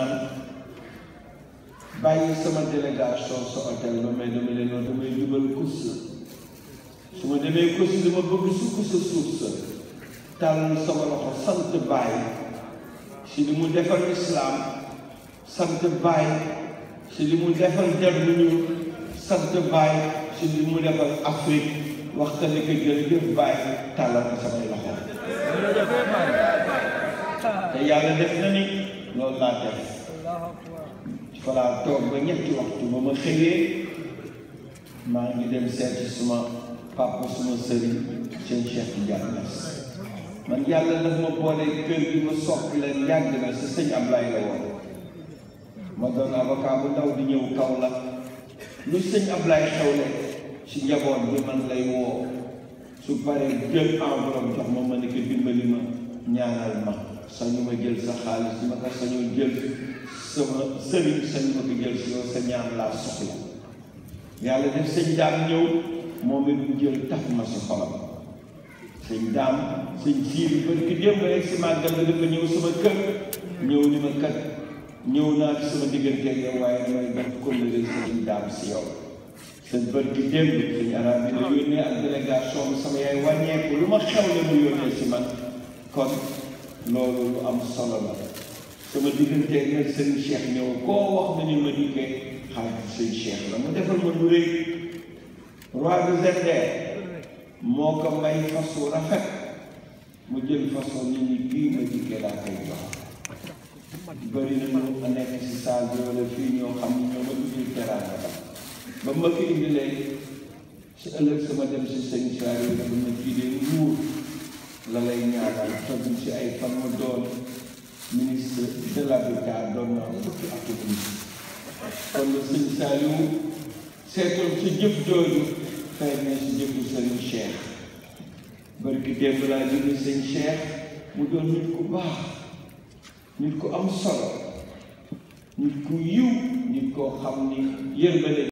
waxtaan bàyyi sama délégation sa ma ba may dama leen wax damay jubal kus su ma demee kus dama bëgg su kusa suuf sa tàllal loxo sant bàyyi si li mu defal islaam sant bàyyi si li mu defal delluñu sant bàyyi si li mu defal Afrique waxtane ko jërëjëf bàyyi tàllal ko samay loxo te yàlla def na ni loolu laa def voilà toog ba ñetti waxtu ba ma xëyee maa ngi dem seeti suma papa suma sëriñ seen Cheikh Tidiane man yàlla daf ma boole kër gi ma sopp leen yàgg na sa sëñ Ablaye la woon ma doon avocat ndaw di ñëw kaw la lu sëñ Ablaye xewle ci njaboot bi man lay woo su paree jël enveloppe jox ma ma ne ko dimbali ma ñaanal ma sañu ma jël sa xaalis bi ma ko sañoo jël sama sëriñ sañu ma ko jël si yow sa ñaan laa soxla yàlla def sëñ daam ñëw moom it jël taf ma si xolam sëñ daam sëñ siir bari ki démb rek si màggal la dafa ñëw sama kër ñëw ni ma kat ñëw naa ci sama diggante ak yow waaye damay def kóllëre sa daam si yow sëñ bër gi démb sëñ arab bi ne yónnee ak délégation bi sama yaay wàññeeku lu ma xew la mu yónnee si man kon loolu lu am solo la sama digganteeg ak sëñ Cheikh ñëw koo wax nañu ma dikke xalaat sëñ Cheikh la mu defal ma lu rëy roi de Zender moo ko may fas wu rafet mu jël façon nit ñi bii ma dikkee laa koy jox bëri na ñu a si saal bi wala fii ñoo xam ne ñoo ma indil teraanga ba ma ko indilee si ëllëg sama dem si sëñ Cheikh la lay ñaanal togg ci ay fan doon ministre de l'habitat doon na fukki ak nii kon la sëñ Saliou seetoon ci jëf jooju tey nañ ci jëfu sëriñ Cheikh barki démb laa jóge sëñ Cheikh mu doon nit ku baax nit ku am solo nit ku yiw nit koo xam ni yërmande